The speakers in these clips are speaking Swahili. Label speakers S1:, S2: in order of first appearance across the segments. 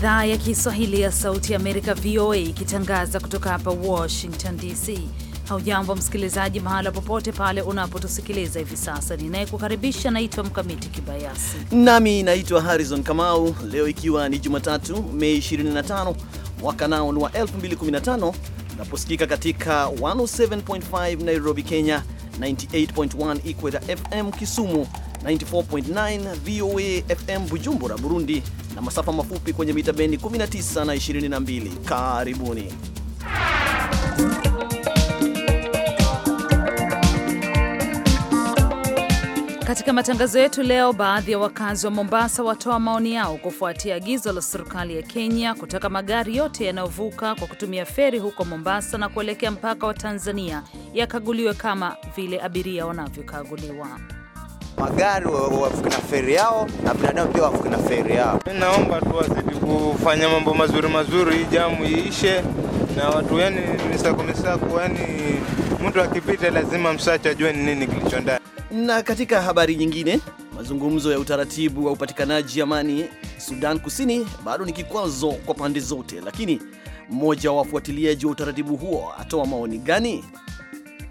S1: idhaa ya Kiswahili ya Sauti ya Amerika, VOA, ikitangaza kutoka hapa Washington DC. Haujambo msikilizaji, mahala popote pale unapotusikiliza hivi sasa. Ninayekukaribisha naitwa Mkamiti Kibayasi
S2: nami naitwa Harrison Kamau. Leo ikiwa ni Jumatatu, Mei 25 mwaka nao ni wa 2015, unaposikika katika 107.5 Nairobi, Kenya, 98.1 Ikweta FM Kisumu 94.9 VOA FM Bujumbura, Burundi na masafa mafupi kwenye mita bendi 19 na 22. Karibuni.
S1: Katika matangazo yetu leo, baadhi ya wakazi wa Mombasa watoa maoni yao kufuatia agizo la serikali ya Kenya kutaka magari yote yanayovuka kwa kutumia feri huko Mombasa na kuelekea mpaka wa Tanzania yakaguliwe kama vile abiria wanavyokaguliwa
S3: magari wavuke na feri yao na binadamu pia wavuke na feri yao.
S4: Naomba tu wazidi kufanya mambo mazuri mazuri, hii jamu iishe na watu, yani misako misako, yani mtu akipita lazima msacha ajue ni nini kilicho ndani.
S2: Na katika habari nyingine, mazungumzo ya utaratibu wa upatikanaji amani Sudan Kusini bado ni kikwazo kwa pande zote, lakini mmoja wa wafuatiliaji wa utaratibu
S5: huo atoa maoni gani?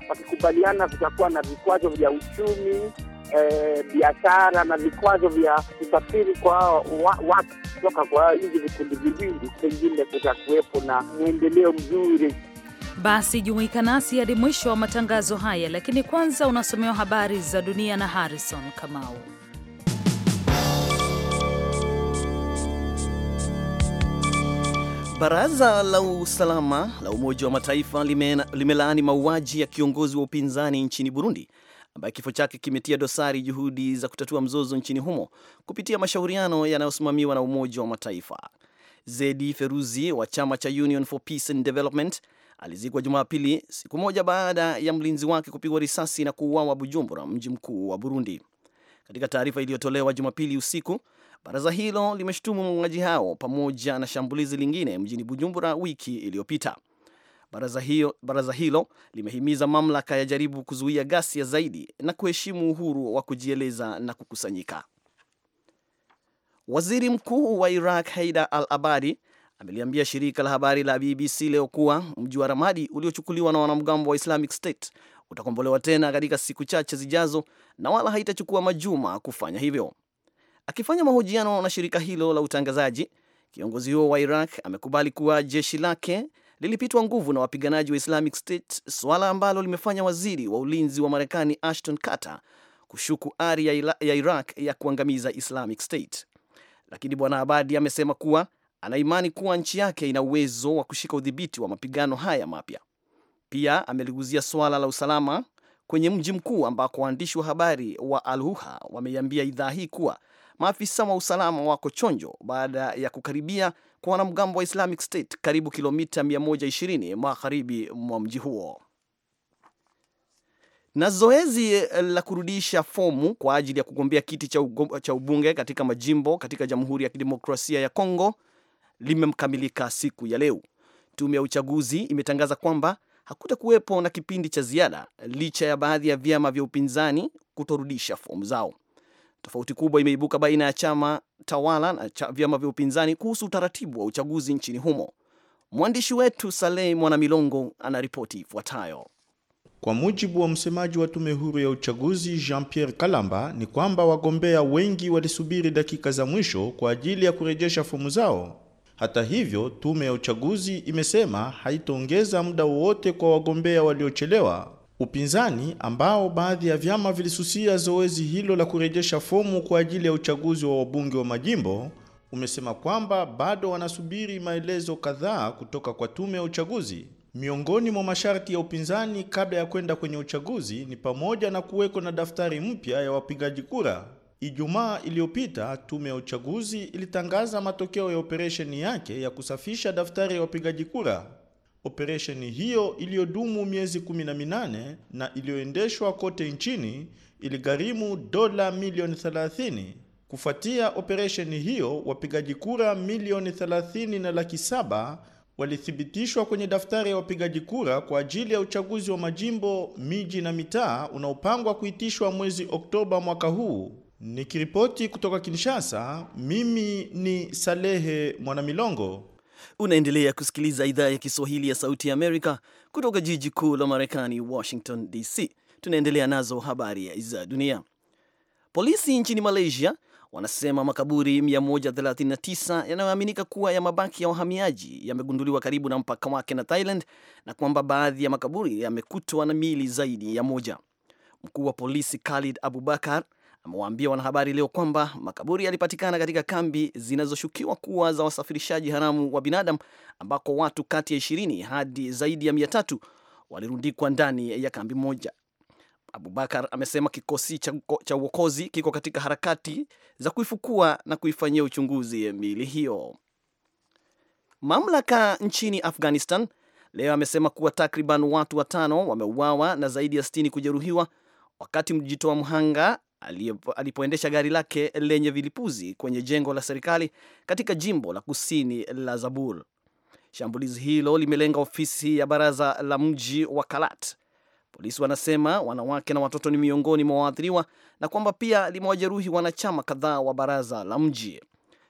S5: Wakikubaliana kutakuwa na vikwazo vya uchumi Eh, biashara na vikwazo vya usafiri kwa watu wa, kutoka kwa hizi vikundi viwili, pengine kutakuwepo na mwendeleo mzuri.
S1: Basi jumuika nasi hadi mwisho wa matangazo haya, lakini kwanza unasomewa habari za dunia na Harrison Kamau.
S2: Baraza la usalama la Umoja wa Mataifa limelaani mauaji ya kiongozi wa upinzani nchini Burundi ambaye kifo chake kimetia dosari juhudi za kutatua mzozo nchini humo kupitia mashauriano yanayosimamiwa na Umoja wa Mataifa. Zedi Feruzi wa chama cha Union for Peace and Development alizikwa Jumapili, siku moja baada ya mlinzi wake kupigwa risasi na kuuawa Bujumbura, mji mkuu wa Burundi. Katika taarifa iliyotolewa Jumapili usiku, baraza hilo limeshutumu mauaji hao pamoja na shambulizi lingine mjini Bujumbura wiki iliyopita. Baraza, hiyo, baraza hilo limehimiza mamlaka yajaribu kuzuia ghasia zaidi na kuheshimu uhuru wa kujieleza na kukusanyika. Waziri Mkuu wa Iraq Haidar al-Abadi ameliambia shirika la habari la BBC leo kuwa mji wa Ramadi uliochukuliwa na wanamgambo wa Islamic State utakombolewa tena katika siku chache zijazo na wala haitachukua majuma kufanya hivyo. Akifanya mahojiano na shirika hilo la utangazaji, kiongozi huo wa Iraq amekubali kuwa jeshi lake lilipitwa nguvu na wapiganaji wa Islamic State, suala ambalo limefanya waziri wa ulinzi wa Marekani Ashton Carter kushuku ari ya Iraq ya kuangamiza Islamic State. Lakini Bwana Abadi amesema kuwa anaimani kuwa nchi yake ina uwezo wa kushika udhibiti wa mapigano haya mapya. Pia ameliguzia suala la usalama kwenye mji mkuu ambako waandishi wa habari wa Al-Huha wameiambia idhaa hii kuwa maafisa wa usalama wako chonjo baada ya kukaribia kwa wanamgambo wa Islamic State karibu kilomita 120 magharibi mwa mji huo. Na zoezi eh, la kurudisha fomu kwa ajili ya kugombea kiti cha, cha ubunge katika majimbo katika Jamhuri ya Kidemokrasia ya Kongo limemkamilika siku ya leo. Tume ya uchaguzi imetangaza kwamba hakutakuwepo na kipindi cha ziada licha ya baadhi ya vyama vya upinzani kutorudisha fomu zao. Tofauti kubwa imeibuka baina ya chama tawala na cha vyama vya upinzani kuhusu utaratibu wa uchaguzi nchini humo. Mwandishi wetu Saleh Mwanamilongo anaripoti ifuatayo. Kwa mujibu wa msemaji wa tume huru ya uchaguzi Jean-Pierre
S6: Kalamba ni kwamba wagombea wengi walisubiri dakika za mwisho kwa ajili ya kurejesha fomu zao. Hata hivyo, tume ya uchaguzi imesema haitaongeza muda wowote kwa wagombea waliochelewa. Upinzani ambao baadhi ya vyama vilisusia zoezi hilo la kurejesha fomu kwa ajili ya uchaguzi wa wabunge wa majimbo umesema kwamba bado wanasubiri maelezo kadhaa kutoka kwa tume ya uchaguzi. Miongoni mwa masharti ya upinzani kabla ya kwenda kwenye uchaguzi ni pamoja na kuweko na daftari mpya ya wapigaji kura. Ijumaa iliyopita tume ya uchaguzi ilitangaza matokeo ya operesheni yake ya kusafisha daftari ya wapigaji kura. Operesheni hiyo iliyodumu miezi 18 na iliyoendeshwa kote nchini iligharimu dola milioni 30. Kufuatia operesheni hiyo, wapigaji kura milioni 30 na laki saba walithibitishwa kwenye daftari ya wapigaji kura kwa ajili ya uchaguzi wa majimbo, miji na mitaa unaopangwa kuitishwa mwezi Oktoba mwaka huu. Nikiripoti kutoka Kinshasa, mimi ni
S2: Salehe Mwanamilongo. Unaendelea kusikiliza idhaa ya Kiswahili ya Sauti ya Amerika kutoka jiji kuu la Marekani, Washington DC. Tunaendelea nazo habari za dunia. Polisi nchini Malaysia wanasema makaburi 139 yanayoaminika kuwa ya mabaki ya wahamiaji yamegunduliwa karibu na mpaka wake na Thailand na kwamba baadhi ya makaburi yamekutwa na mili zaidi ya moja. Mkuu wa polisi Khalid Abubakar amewaambia wanahabari leo kwamba makaburi yalipatikana katika kambi zinazoshukiwa kuwa za wasafirishaji haramu wa binadamu ambako watu kati ya ishirini hadi zaidi ya mia tatu walirundikwa ndani ya kambi moja. Abubakar amesema kikosi cha uokozi kiko katika harakati za kuifukua na kuifanyia uchunguzi miili hiyo. Mamlaka nchini Afghanistan leo amesema kuwa takriban watu watano wameuawa na zaidi ya sitini kujeruhiwa wakati mjitoa mhanga alipoendesha gari lake lenye vilipuzi kwenye jengo la serikali katika jimbo la kusini la Zabul. Shambulizi hilo limelenga ofisi ya baraza la mji wa Kalat. Polisi wanasema wanawake na watoto ni miongoni mwa waathiriwa na kwamba pia limewajeruhi wanachama kadhaa wa baraza la mji.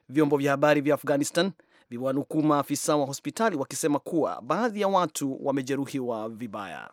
S2: Vyombo vya habari vya Afghanistan viwanukuu maafisa wa hospitali wakisema kuwa baadhi ya watu wamejeruhiwa vibaya.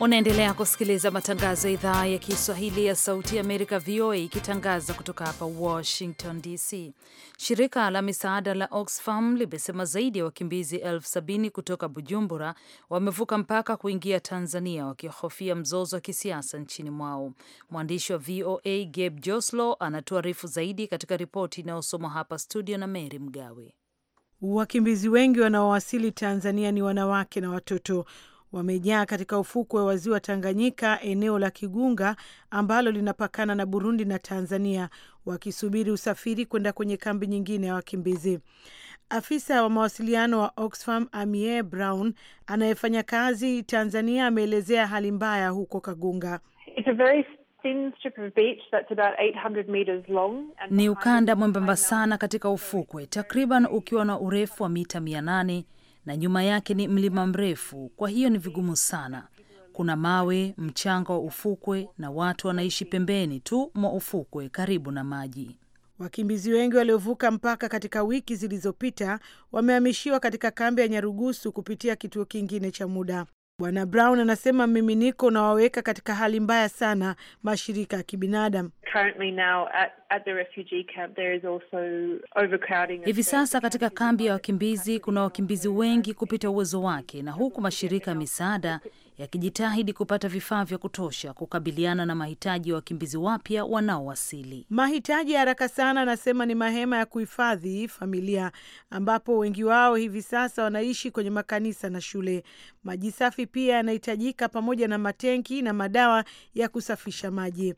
S1: Unaendelea kusikiliza matangazo ya idhaa ya Kiswahili ya Sauti ya Amerika, VOA, ikitangaza kutoka hapa Washington DC. Shirika la misaada la Oxfam limesema zaidi ya wakimbizi elfu sabini kutoka Bujumbura wamevuka mpaka kuingia Tanzania wakihofia mzozo wa kisiasa nchini mwao. Mwandishi wa VOA Gabe Joslow anatuarifu zaidi katika ripoti inayosomwa hapa studio na Mary Mgawe.
S7: Wakimbizi wengi wanaowasili Tanzania ni wanawake na watoto wamejaa katika ufukwe wa ziwa Tanganyika, eneo la Kigunga ambalo linapakana na Burundi na Tanzania, wakisubiri usafiri kwenda kwenye kambi nyingine ya wakimbizi. Afisa wa mawasiliano wa Oxfam Amie Brown anayefanya kazi Tanzania ameelezea hali mbaya huko Kagunga. It's a very
S5: ni
S1: ukanda mwembamba sana katika ufukwe, takriban ukiwa na urefu wa mita mia nane na nyuma yake ni mlima mrefu, kwa hiyo ni vigumu sana. Kuna mawe, mchanga wa
S7: ufukwe na watu wanaishi pembeni tu mwa ufukwe karibu na maji. Wakimbizi wengi waliovuka mpaka katika wiki zilizopita wamehamishiwa katika kambi ya Nyarugusu kupitia kituo kingine cha muda. Bwana Brown anasema mimi niko unawaweka katika hali mbaya sana mashirika ya kibinadamu. Hivi sasa katika kambi ya wakimbizi kuna wakimbizi wengi
S1: kupita uwezo wake, na huku mashirika ya misaada yakijitahidi kupata vifaa vya kutosha
S7: kukabiliana na mahitaji ya wa wakimbizi wapya wanaowasili. Mahitaji ya haraka sana, anasema ni mahema ya kuhifadhi familia, ambapo wengi wao hivi sasa wanaishi kwenye makanisa na shule. Maji safi pia yanahitajika pamoja na matenki na madawa ya kusafisha maji.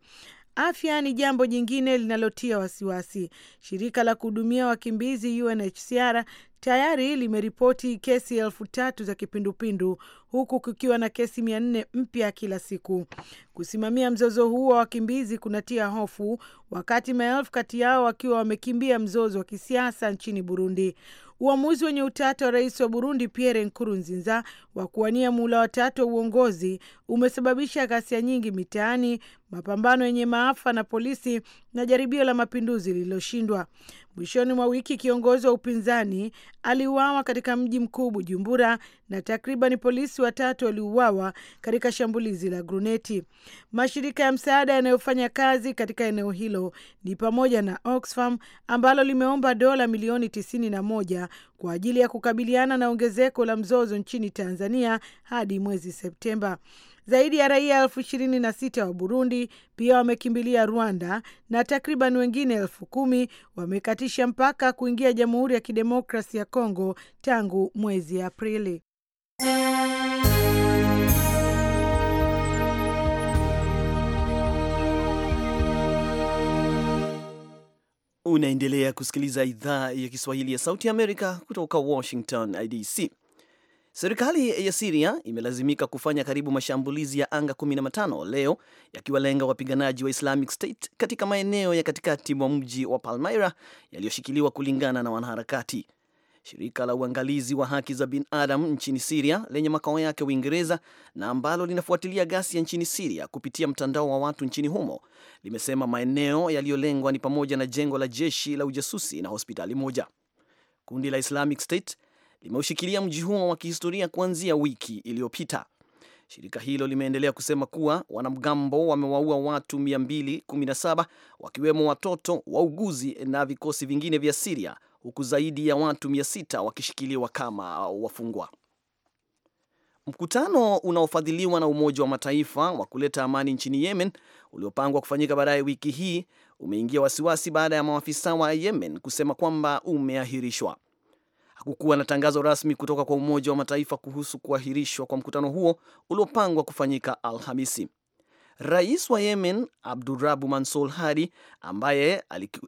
S7: Afya ni jambo jingine linalotia wasiwasi. Shirika la kuhudumia wakimbizi UNHCR tayari limeripoti kesi elfu tatu za kipindupindu huku kukiwa na kesi mia nne mpya kila siku. Kusimamia mzozo huo wa wakimbizi kunatia hofu, wakati maelfu kati yao wakiwa wamekimbia mzozo wa kisiasa nchini Burundi. Uamuzi wenye utata wa rais wa Burundi Pierre Nkurunziza wa kuwania muhula watatu wa uongozi umesababisha ghasia nyingi mitaani, mapambano yenye maafa na polisi na jaribio la mapinduzi lililoshindwa. Mwishoni mwa wiki, kiongozi wa upinzani aliuawa katika mji mkuu Bujumbura na takriban polisi watatu waliuawa katika shambulizi la gruneti. Mashirika ya msaada yanayofanya kazi katika eneo hilo ni pamoja na Oxfam ambalo limeomba dola milioni 91 kwa ajili ya kukabiliana na ongezeko la mzozo nchini Tanzania hadi mwezi Septemba. Zaidi ya raia elfu ishirini na sita wa Burundi pia wamekimbilia Rwanda na takriban wengine elfu kumi wamekatisha mpaka kuingia Jamhuri ya Kidemokrasi ya Kongo tangu mwezi Aprili.
S2: Unaendelea kusikiliza idhaa ya Kiswahili ya Sauti ya Amerika kutoka Washington DC. Serikali ya Siria imelazimika kufanya karibu mashambulizi ya anga 15 leo yakiwalenga wapiganaji wa Islamic State katika maeneo ya katikati mwa mji wa Palmyra yaliyoshikiliwa kulingana na wanaharakati. Shirika la uangalizi wa haki za binadamu nchini Siria lenye makao yake Uingereza na ambalo linafuatilia ghasia nchini Siria kupitia mtandao wa watu nchini humo limesema maeneo yaliyolengwa ni pamoja na jengo la jeshi la ujasusi na hospitali moja. Kundi la Islamic State limeushikilia mji huo wa kihistoria kuanzia wiki iliyopita. Shirika hilo limeendelea kusema kuwa wanamgambo wamewaua watu 217 wakiwemo watoto, wauguzi na vikosi vingine vya Siria, huku zaidi ya watu 600 wakishikiliwa kama wafungwa. Mkutano unaofadhiliwa na Umoja wa Mataifa wa kuleta amani nchini Yemen uliopangwa kufanyika baadaye wiki hii umeingia wasiwasi baada ya maafisa wa Yemen kusema kwamba umeahirishwa. Hakukuwa na tangazo rasmi kutoka kwa Umoja wa Mataifa kuhusu kuahirishwa kwa mkutano huo uliopangwa kufanyika Alhamisi. Rais wa Yemen Abdurabu Mansur Hadi, ambaye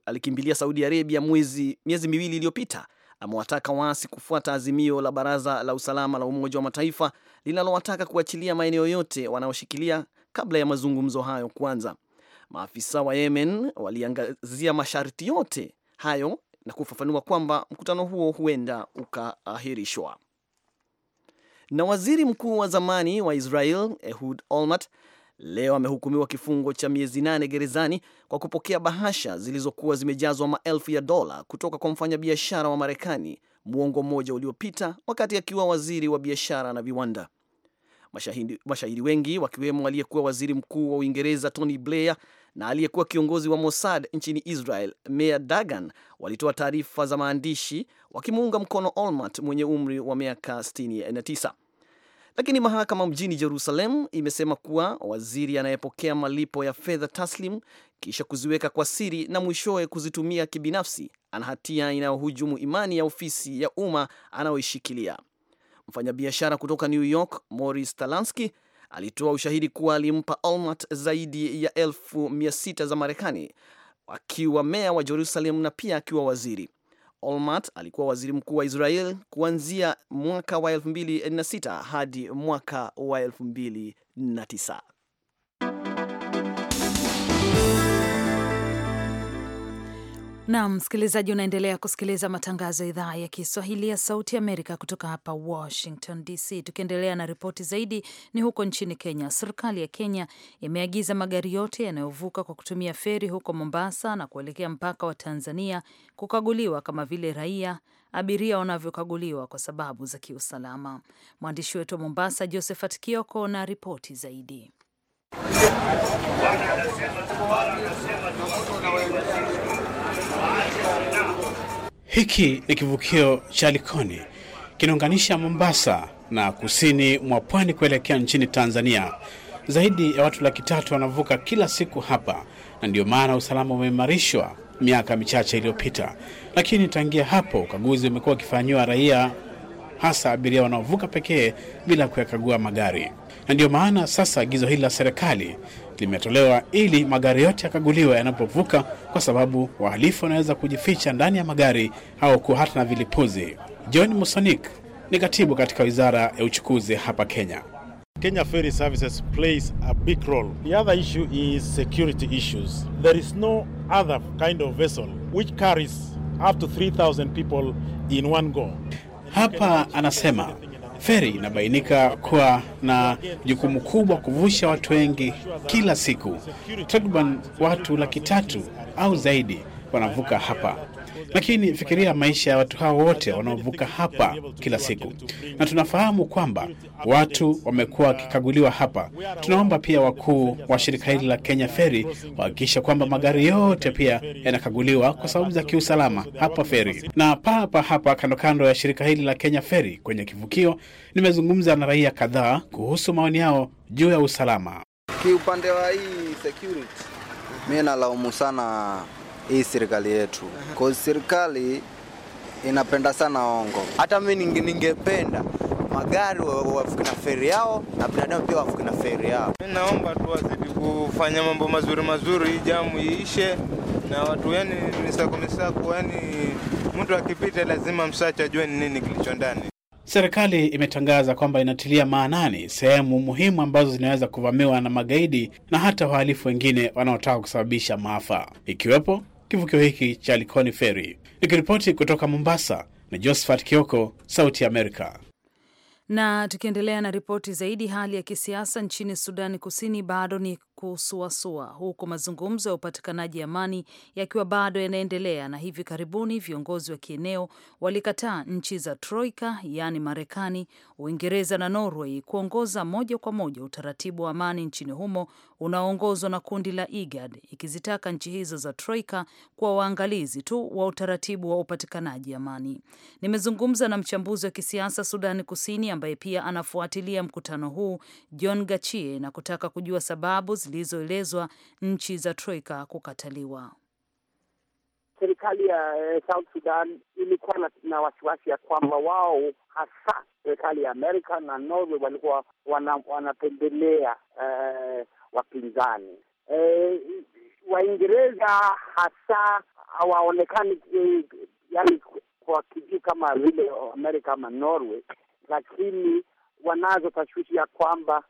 S2: alikimbilia Saudi Arabia mwezi, miezi miwili iliyopita, amewataka waasi kufuata azimio la Baraza la Usalama la Umoja wa Mataifa linalowataka kuachilia maeneo yote wanaoshikilia kabla ya mazungumzo hayo kuanza. Maafisa wa Yemen waliangazia masharti yote hayo na kufafanua kwamba mkutano huo huenda ukaahirishwa. Na waziri mkuu wa zamani wa Israel Ehud Olmert leo amehukumiwa kifungo cha miezi nane gerezani kwa kupokea bahasha zilizokuwa zimejazwa maelfu ya dola kutoka kwa mfanyabiashara wa Marekani muongo mmoja uliopita wakati akiwa waziri wa biashara na viwanda. Mashahidi, mashahidi wengi wakiwemo aliyekuwa waziri mkuu wa Uingereza Tony Blair na aliyekuwa kiongozi wa Mossad nchini Israel Meir Dagan walitoa taarifa za maandishi wakimuunga mkono Olmert mwenye umri wa miaka 69. Lakini mahakama mjini Jerusalem imesema kuwa waziri anayepokea malipo ya fedha taslim kisha kuziweka kwa siri na mwishowe kuzitumia kibinafsi ana hatia inayohujumu imani ya ofisi ya umma anayoishikilia. Mfanyabiashara kutoka New York Morris Talansky alitoa ushahidi kuwa alimpa Almat zaidi ya elfu mia sita za Marekani akiwa meya wa Jerusalem na pia akiwa waziri. Olmert alikuwa waziri mkuu wa Israel kuanzia mwaka wa 2006 hadi mwaka wa 2009
S1: na msikilizaji, unaendelea kusikiliza matangazo ya idhaa ya Kiswahili ya Sauti Amerika kutoka hapa Washington DC. Tukiendelea na ripoti zaidi, ni huko nchini Kenya. Serikali ya Kenya imeagiza magari yote yanayovuka kwa kutumia feri huko Mombasa na kuelekea mpaka wa Tanzania kukaguliwa kama vile raia abiria wanavyokaguliwa kwa sababu za kiusalama. Mwandishi wetu wa Mombasa, Josephat Kioko, na ripoti zaidi
S8: Hiki ni kivukio cha Likoni, kinaunganisha Mombasa na kusini mwa pwani kuelekea nchini Tanzania. Zaidi ya watu laki tatu wanavuka kila siku hapa, na ndio maana usalama umeimarishwa miaka michache iliyopita. Lakini tangia hapo ukaguzi umekuwa ukifanyiwa raia, hasa abiria wanaovuka pekee bila kuyakagua magari, na ndio maana sasa agizo hili la serikali limetolewa ili magari yote yakaguliwe yanapovuka, kwa sababu wahalifu wanaweza kujificha ndani ya magari au kuwa hata na vilipuzi. John Musonik ni katibu katika wizara ya uchukuzi hapa Kenya. Kenya Ferry Services plays a big role. The other issue is security issues. There is no other kind of vessel which carries up to 3000 people in one go. Hapa anasema Feri inabainika kuwa na jukumu kubwa kuvusha watu wengi kila siku. Takriban watu laki tatu au zaidi wanavuka hapa lakini fikiria maisha ya watu hao wote wanaovuka hapa kila siku, na tunafahamu kwamba watu wamekuwa wakikaguliwa hapa. Tunaomba pia wakuu wa shirika hili la Kenya feri wahakikisha kwamba magari yote pia yanakaguliwa kwa sababu za kiusalama hapa feri. Na papa hapa kando kando ya shirika hili la Kenya feri kwenye kivukio, nimezungumza na raia kadhaa kuhusu maoni yao juu ya usalama.
S3: Kiupande wa hii security, nalaumu sana hii serikali yetu, kwa serikali inapenda sana ongo. Hata mimi ningependa magari wavuke na feri yao na binadamu pia wavuke na feri yao. Mimi naomba tu wazidi
S4: kufanya mambo mazuri mazuri, hii jamu iishe na watu, yani misako misako, yani mtu akipita lazima msacha ajue ni nini kilicho ndani.
S8: Serikali imetangaza kwamba inatilia maanani sehemu muhimu ambazo zinaweza kuvamiwa na magaidi na hata wahalifu wengine wanaotaka kusababisha maafa ikiwepo kivukio hiki cha Likoni Feri. Nikiripoti kutoka Mombasa ni Josephat Kioko, Sauti Amerika.
S1: Na tukiendelea na ripoti zaidi, hali ya kisiasa nchini Sudani Kusini bado ni kusuasua, huku mazungumzo ya upatikanaji amani yakiwa bado yanaendelea, na hivi karibuni viongozi wa kieneo walikataa nchi za Troika, yaani Marekani, Uingereza na Norway kuongoza moja kwa moja utaratibu wa amani nchini humo unaoongozwa na kundi la IGAD ikizitaka nchi hizo za Troika kuwa waangalizi tu wa utaratibu wa upatikanaji amani. Nimezungumza na mchambuzi wa kisiasa Sudani Kusini ambaye pia anafuatilia mkutano huu, John Gachie, na kutaka kujua sababu zilizoelezwa nchi za Troika kukataliwa
S5: serikali ya eh, South Sudan ilikuwa na, na wasiwasi ya kwamba wao hasa serikali ya Amerika na Norway walikuwa wana, wanapendelea eh, wapinzani eh, Waingereza hasa hawaonekani eh, yani kwa kijuu kama vile Amerika ama Norway, lakini wanazo tashwishi ya kwamba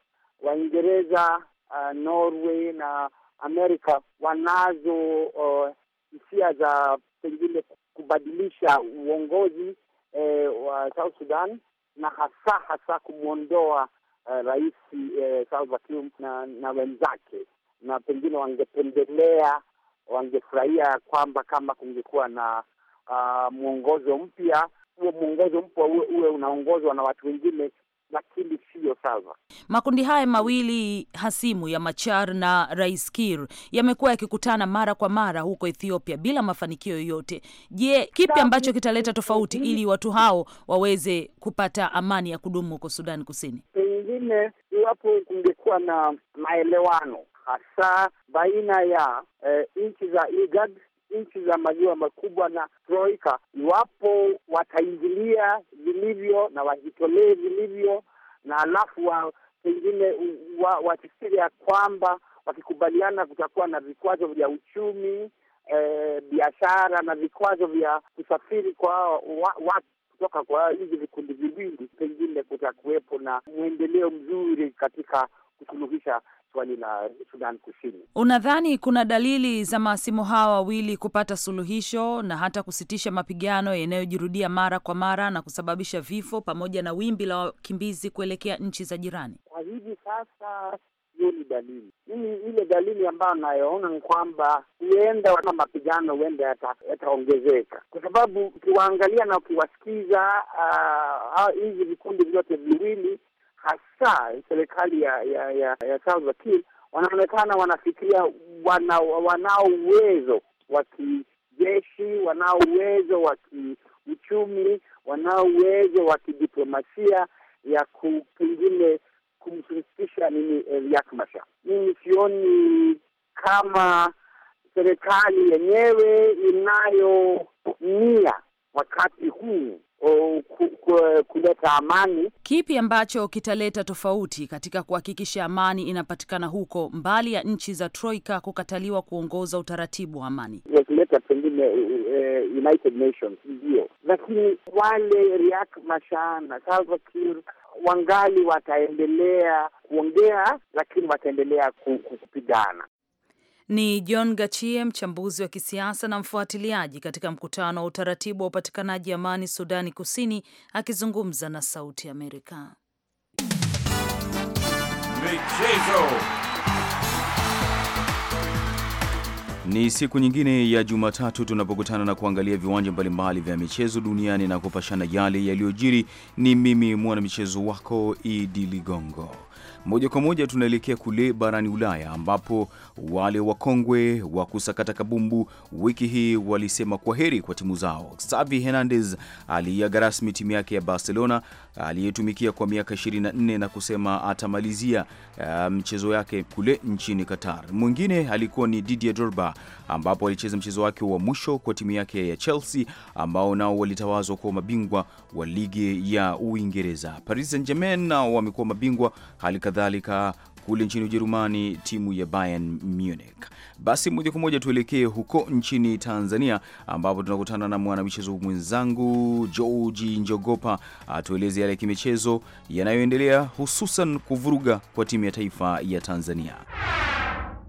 S5: Waingereza uh, Norway na Amerika wanazo uh, hisia za pengine kubadilisha uongozi e, wa South Sudan na hasa hasa kumwondoa uh, rais uh, Salva Kiir na, na wenzake, na pengine wangependelea wangefurahia kwamba kama kungekuwa na uh, mwongozo mpya, huo mwongozo mpya uwe unaongozwa na watu wengine lakini siyo sawa.
S1: Makundi haya mawili hasimu ya Machar na Rais Kir yamekuwa yakikutana mara kwa mara huko Ethiopia bila mafanikio yoyote. Je, kipi ambacho kitaleta tofauti ili watu hao waweze kupata amani ya kudumu huko Sudani Kusini?
S5: Pengine iwapo kungekuwa na maelewano hasa baina ya eh, nchi za IGAD nchi za maziwa makubwa na Troika, iwapo wataingilia vilivyo na wajitolee vilivyo na alafu wa, pengine wafikiri wa ya kwamba wakikubaliana kutakuwa na vikwazo vya uchumi e, biashara na vikwazo vya kusafiri kwa watu wa, kutoka kwa hizi vikundi viwili, pengine kutakuwepo na mwendeleo mzuri katika kusuluhisha swali la Sudan Kusini.
S1: Unadhani kuna dalili za maasimu hawa wawili kupata suluhisho na hata kusitisha mapigano yanayojirudia mara kwa mara na kusababisha vifo pamoja na wimbi la wakimbizi kuelekea nchi za jirani?
S5: Kwa hivi sasa hiyo ni dalili. Mimi ile dalili ambayo nayoona ni kwamba huenda wana mapigano huenda yataongezeka, yata kwa sababu ukiwaangalia na ukiwasikiza ah, ah, hizi uh, vikundi vyote viwili hasa serikali ya ya ya, ya Salva Kiir wanaonekana wanafikiria wana, wanao uwezo wa kijeshi, wanao uwezo wa kiuchumi, wanao uwezo wa kidiplomasia ya ku pengine kumshirikisha nini eh, Riek Machar. Mimi sioni kama serikali yenyewe inayo nia wakati huu Eh, kuleta amani.
S1: Kipi ambacho kitaleta tofauti katika kuhakikisha amani inapatikana huko, mbali ya nchi za troika kukataliwa kuongoza utaratibu wa amani,
S5: wakileta pengine uh, United Nations ndio, lakini wale riak mashana na Salva Kiir wangali wataendelea kuongea, lakini wataendelea kupigana.
S1: Ni John Gachie, mchambuzi wa kisiasa na mfuatiliaji katika mkutano wa utaratibu wa upatikanaji amani Sudani Kusini, akizungumza na Sauti Amerika. Michezo.
S3: Ni siku nyingine ya Jumatatu tunapokutana na kuangalia viwanja mbalimbali vya michezo duniani na kupashana yale yaliyojiri. Ni mimi mwanamichezo wako Idi Ligongo. Moja kwa moja tunaelekea kule barani Ulaya ambapo wale wakongwe wa kusakata kabumbu wiki hii walisema kwa heri kwa timu zao. Xavi Hernandez aliaga rasmi timu yake ya Barcelona aliyetumikia kwa miaka 24 na kusema atamalizia eh, mchezo um, yake kule nchini Qatar. Mwingine alikuwa ni Didier Drogba ambapo alicheza mchezo wake wa mwisho kwa timu yake ya Chelsea ambao nao walitawazwa kuwa mabingwa wa ligi ya Uingereza. Paris Saint-Germain nao wamekuwa mabingwa halika kadhalika kule nchini Ujerumani timu ya Bayern Munich. Basi moja kwa moja tuelekee huko nchini Tanzania ambapo tunakutana na mwanamichezo mwenzangu Georgi Njogopa atueleze yale ya kimichezo yanayoendelea hususan kuvuruga kwa timu ya taifa ya Tanzania.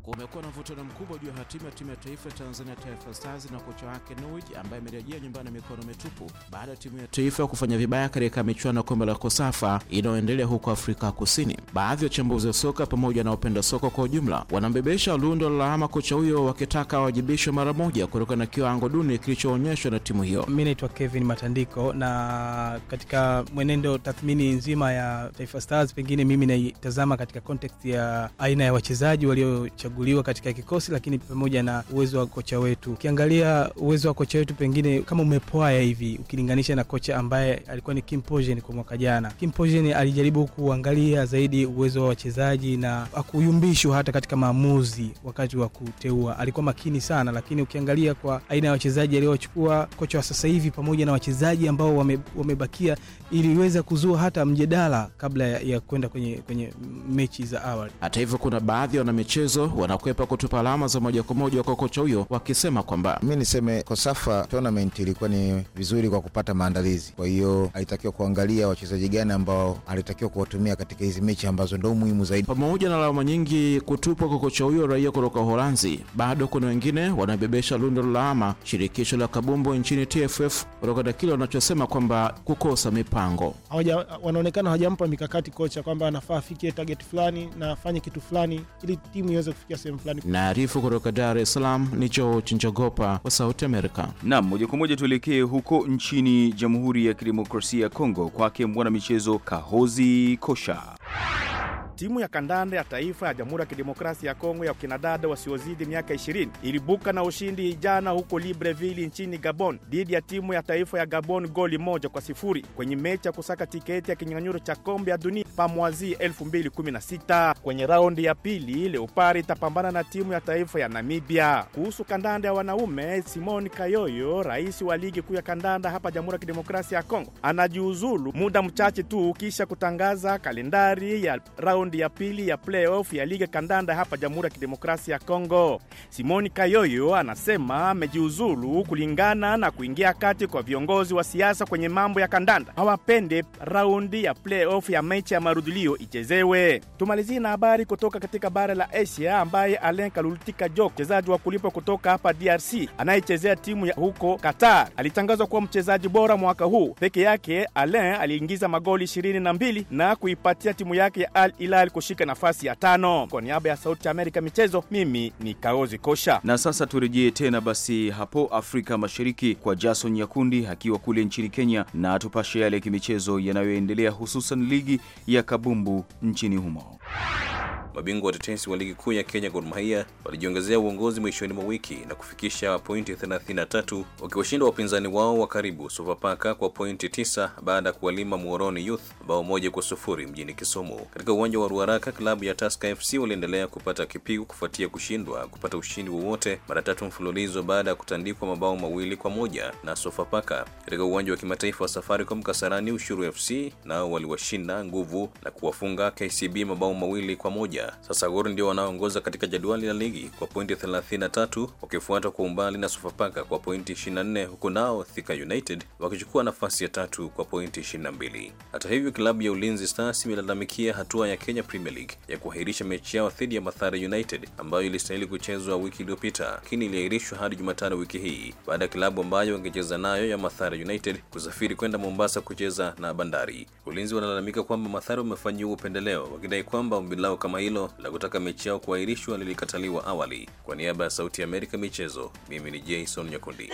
S9: Kumekuwa na mvutano mkubwa juu ya hatima ya timu ya taifa ya Tanzania, Taifa Stars, na kocha wake Norwich ambaye amerejea nyumbani mikono mitupu baada ya timu ya taifa kufanya vibaya katika michuano ya kombe la Kosafa inayoendelea huko Afrika Kusini. Baadhi ya wachambuzi wa soka pamoja na wapenda soka kwa ujumla wanambebesha lundo la lawama kocha huyo, wakitaka awajibishwe mara moja kutokana na kiwango duni kilichoonyeshwa
S4: na timu hiyo. Mi naitwa Kevin Matandiko, na katika mwenendo tathmini nzima ya Taifa Stars, pengine mimi naitazama katika context ya aina ya wachezaji waliochagua kuchaguliwa katika kikosi, lakini pamoja na uwezo wa kocha wetu. Ukiangalia uwezo wa kocha wetu, pengine kama umepoaya hivi ukilinganisha na kocha ambaye alikuwa ni Kim kwa mwaka jana. Kim alijaribu kuangalia zaidi uwezo wa wachezaji na akuyumbishwa hata katika maamuzi wakati wa kuteua, alikuwa makini sana, lakini ukiangalia kwa aina ya wachezaji aliyowachukua kocha wa sasa hivi pamoja na wachezaji ambao wame, wamebakia iliweza kuzua hata mjadala kabla ya, ya kwenda kwenye, kwenye mechi za awali.
S9: Hata hivyo kuna baadhi ya wanamichezo wanakwepa kutupa alama za moja kwa moja kwa kocha huyo, wakisema kwamba mi niseme Kosafa tournament ilikuwa ni vizuri kwa kupata maandalizi, kwa hiyo alitakiwa kuangalia wachezaji gani ambao alitakiwa kuwatumia katika hizi mechi ambazo ndo muhimu zaidi. Pamoja na lawama nyingi kutupwa kwa kocha huyo raia kutoka Uholanzi, bado kuna wengine wanabebesha lundo la lawama shirikisho la kabumbu nchini TFF kutoka kile wanachosema kwamba kukosa mipango
S4: hawaja, wanaonekana hawajampa mikakati kocha kwamba anafaa afikie target fulani na afanye kitu fulani ili timu iweze kufikia
S9: sehemu fulani. Naarifu kutoka Dar es Salaam ni George Njogopa wa Sauti Amerika.
S3: Naam, moja kwa moja tuelekee huko nchini Jamhuri ya Kidemokrasia ya Kongo, kwake michezo Kahozi Kosha.
S10: Timu ya kandanda ya taifa ya Jamhuri ya Kidemokrasia ya Kongo ya kinadada wasiozidi miaka 20 ilibuka na ushindi jana huko Libreville nchini Gabon dhidi ya timu ya taifa ya Gabon goli moja kwa sifuri kwenye mechi ya kusaka tiketi ya kinyang'anyiro cha kombe ya dunia pamwazi 2016. Kwenye raundi ya pili, leopari itapambana na timu ya taifa ya Namibia. Kuhusu kandanda ya wanaume, Simon Kayoyo, rais wa ligi kuu ya kandanda hapa Jamhuri ya Kidemokrasia ya Kongo, anajiuzulu muda mchache tu kisha kutangaza kalendari ya raundi raundi ya pili ya playoff ya liga kandanda hapa Jamhuri ya Kidemokrasia ya Kongo. Simoni Kayoyo anasema amejiuzulu kulingana na kuingia kati kwa viongozi wa siasa kwenye mambo ya kandanda, hawapende raundi ya playoff ya mechi ya marudhulio ichezewe. Tumalizie na habari kutoka katika bara la Asia ambaye Alen Kalulutika Jok, mchezaji wa kulipwa kutoka hapa DRC anayechezea timu ya huko Qatar, alitangazwa kuwa mchezaji bora mwaka huu. Peke yake Alen aliingiza magoli 22 na kuipatia timu yake ya Al Hilal Israel kushika nafasi ya tano. Kwa niaba ya Sauti Amerika michezo,
S3: mimi ni Kaozi Kosha. Na sasa turejee tena basi hapo Afrika Mashariki kwa Jason Nyakundi akiwa kule nchini Kenya na atupashe yale kimichezo yanayoendelea hususan ligi ya kabumbu nchini humo. Mabingwa watetesi wa ligi kuu ya Kenya Gor
S11: Mahia walijiongezea uongozi mwishoni mwa wiki na kufikisha pointi 33 wakiwashinda wapinzani wao wa karibu Sofapaka kwa pointi 9 baada ya kuwalima Muhoroni Youth bao moja kwa sufuri mjini Kisumu. Katika uwanja wa Ruaraka, klabu ya Tusker FC waliendelea kupata kipigo kufuatia kushindwa kupata ushindi wowote mara tatu mfululizo baada ya kutandikwa mabao mawili kwa moja na Sofapaka. Katika uwanja wa kimataifa wa Safaricom Kasarani, Ushuru FC nao waliwashinda nguvu na kuwafunga KCB mabao mawili kwa moja Sevilla. Sasa Gor ndio wanaoongoza katika jadwali la ligi kwa pointi 33 wakifuata kwa umbali na Sofapaka kwa pointi 24 huku nao Thika United wakichukua nafasi ya tatu kwa pointi 22. Hata hivyo, klabu ya Ulinzi Stars imelalamikia hatua ya Kenya Premier League ya kuahirisha mechi yao dhidi ya Mathare United ambayo ilistahili kuchezwa wiki iliyopita, lakini iliahirishwa hadi Jumatano wiki hii baada ya klabu ambayo wangecheza nayo ya Mathare United kusafiri kwenda Mombasa kucheza na Bandari. Ulinzi wanalalamika kwamba Mathare wamefanyiwa upendeleo wakidai kwamba ombi lao kama hilo hilo la kutaka mechi yao kuahirishwa lilikataliwa awali. Kwa niaba ya Sauti ya Amerika michezo, mimi ni Jason Nyakundi.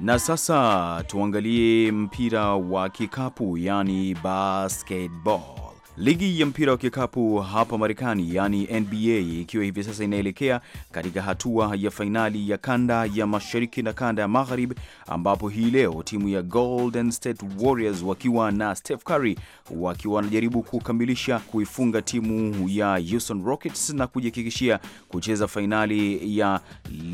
S3: Na sasa tuangalie mpira wa kikapu, yani basketball. Ligi ya mpira wa kikapu hapa Marekani, yaani NBA, ikiwa hivi sasa inaelekea katika hatua ya fainali ya kanda ya mashariki na kanda ya magharibi, ambapo hii leo timu ya Golden State Warriors wakiwa na Steph Curry wakiwa wanajaribu kukamilisha kuifunga timu ya Houston Rockets na kujihakikishia kucheza fainali ya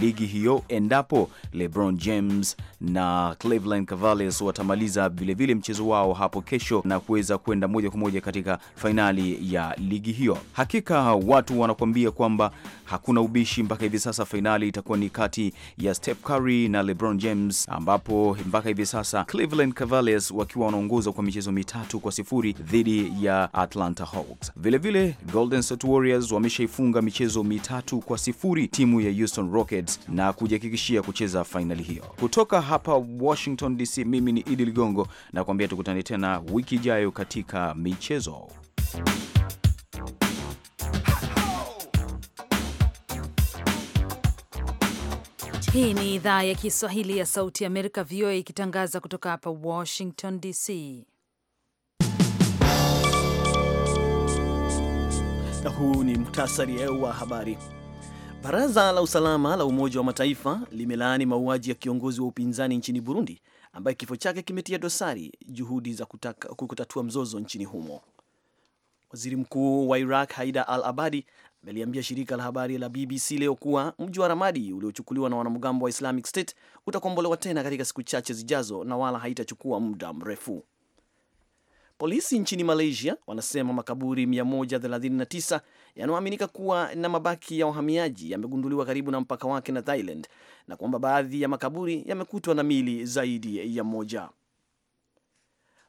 S3: ligi hiyo endapo LeBron James na Cleveland Cavaliers watamaliza vilevile mchezo wao hapo kesho na kuweza kwenda moja kwa moja katika fainali ya ligi hiyo. Hakika watu wanakuambia kwamba hakuna ubishi mpaka hivi sasa. Fainali itakuwa ni kati ya Steph Curry na LeBron James, ambapo mpaka hivi sasa Cleveland Cavaliers wakiwa wanaongoza kwa michezo mitatu kwa sifuri dhidi ya Atlanta Hawks. Vilevile Golden State Warriors wameshaifunga michezo mitatu kwa sifuri timu ya Houston Rockets na kujihakikishia kucheza fainali hiyo. Kutoka hapa Washington DC, mimi ni Idi Ligongo na kuambia tukutane tena wiki ijayo katika michezo.
S1: Hii ni idhaa ya Kiswahili ya Sauti ya Amerika, VOA, ikitangaza kutoka hapa Washington DC.
S2: Na huu ni muhtasari wa habari. Baraza la Usalama la Umoja wa Mataifa limelaani mauaji ya kiongozi wa upinzani nchini Burundi ambaye kifo chake kimetia dosari juhudi za kutaka, kutatua mzozo nchini humo. Waziri Mkuu wa Iraq Haida Al Abadi ameliambia shirika la habari la BBC leo kuwa mji wa Ramadi uliochukuliwa na wanamgambo wa Islamic State utakombolewa tena katika siku chache zijazo na wala haitachukua muda mrefu. Polisi nchini Malaysia wanasema makaburi 139 yanayoaminika kuwa na mabaki ya wahamiaji yamegunduliwa karibu na mpaka wake na Thailand na kwamba baadhi ya makaburi yamekutwa na mili zaidi ya moja.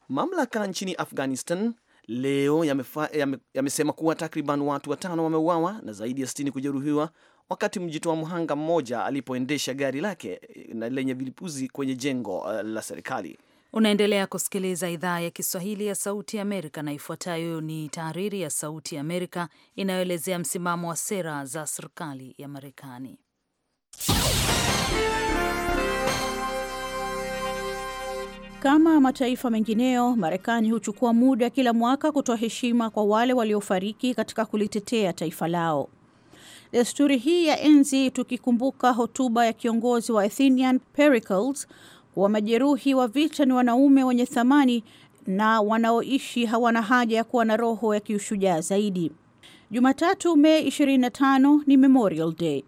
S2: Mamlaka nchini Afghanistan leo yamesema yame, kuwa takriban watu watano wameuawa na zaidi ya 6 kujeruhiwa wakati mjitoa mhanga mmoja alipoendesha gari lake eh, na lenye vilipuzi kwenye jengo eh, la serikali.
S1: Unaendelea kusikiliza idhaa ya Kiswahili ya Sauti ya Amerika, na ifuatayo ni tahariri ya Sauti ya Amerika inayoelezea msimamo wa sera za serikali ya Marekani.
S12: Kama mataifa mengineo Marekani huchukua muda kila mwaka kutoa heshima kwa wale waliofariki katika kulitetea taifa lao. Desturi hii ya enzi tukikumbuka hotuba ya kiongozi wa Athenian Pericles kuwa majeruhi wa vita ni wanaume wenye thamani na wanaoishi hawana haja ya kuwa na roho ya kiushujaa zaidi. Jumatatu, Mei 25 ni Memorial Day.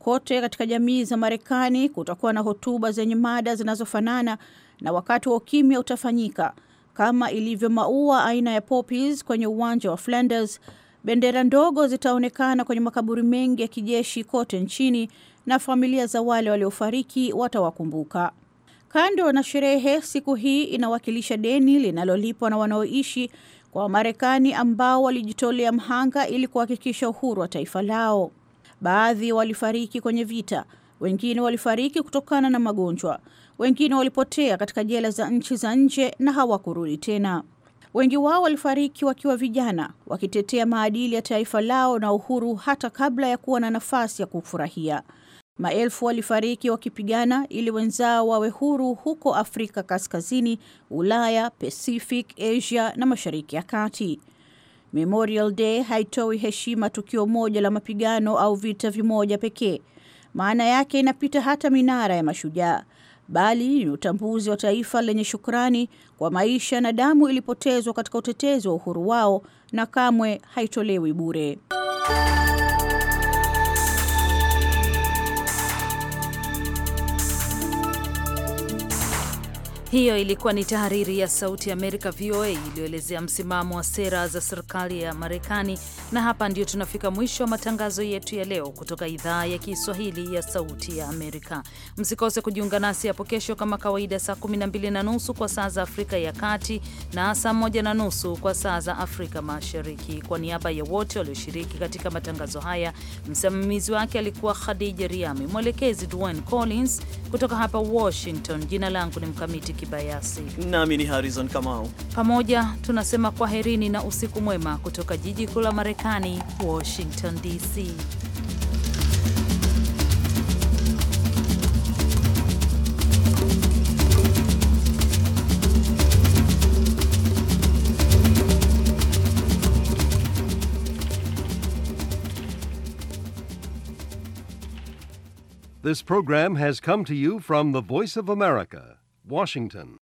S12: Kote katika jamii za Marekani kutakuwa na hotuba zenye mada zinazofanana na wakati wa ukimya utafanyika kama ilivyo maua aina ya poppies kwenye uwanja wa Flanders. Bendera ndogo zitaonekana kwenye makaburi mengi ya kijeshi kote nchini na familia za wale waliofariki watawakumbuka. Kando na sherehe, siku hii inawakilisha deni linalolipwa na wanaoishi kwa Wamarekani ambao walijitolea mhanga ili kuhakikisha uhuru wa taifa lao. Baadhi walifariki kwenye vita, wengine walifariki kutokana na magonjwa, wengine walipotea katika jela za nchi za nje na hawakurudi tena. Wengi wao walifariki wakiwa vijana, wakitetea maadili ya taifa lao na uhuru hata kabla ya kuwa na nafasi ya kufurahia. Maelfu walifariki wakipigana ili wenzao wawe huru huko Afrika Kaskazini, Ulaya, Pacific, Asia na Mashariki ya Kati. Memorial Day haitoi heshima tukio moja la mapigano au vita vimoja pekee. Maana yake inapita hata minara ya mashujaa, bali ni utambuzi wa taifa lenye shukrani kwa maisha na damu ilipotezwa katika utetezi wa uhuru wao, na kamwe haitolewi bure.
S1: Hiyo ilikuwa ni tahariri ya Sauti ya Amerika, VOA, iliyoelezea msimamo wa sera za serikali ya Marekani. Na hapa ndio tunafika mwisho wa matangazo yetu ya leo kutoka idhaa ya Kiswahili ya Sauti ya Amerika. Msikose kujiunga nasi hapo kesho kama kawaida, saa 12 na nusu kwa saa za Afrika ya Kati na saa 1 na nusu kwa saa za Afrika Mashariki. Kwa niaba ya wote walioshiriki katika matangazo haya, msimamizi wake alikuwa Khadija Riami, mwelekezi Dwayne Collins. Kutoka hapa Washington, jina langu ni Mkamiti Kibayasi
S2: nami ni Harrison Kamau.
S1: Pamoja tunasema kwaherini na usiku mwema kutoka jiji kuu la Marekani, Washington DC. This program has come to you from the Voice of America, Washington.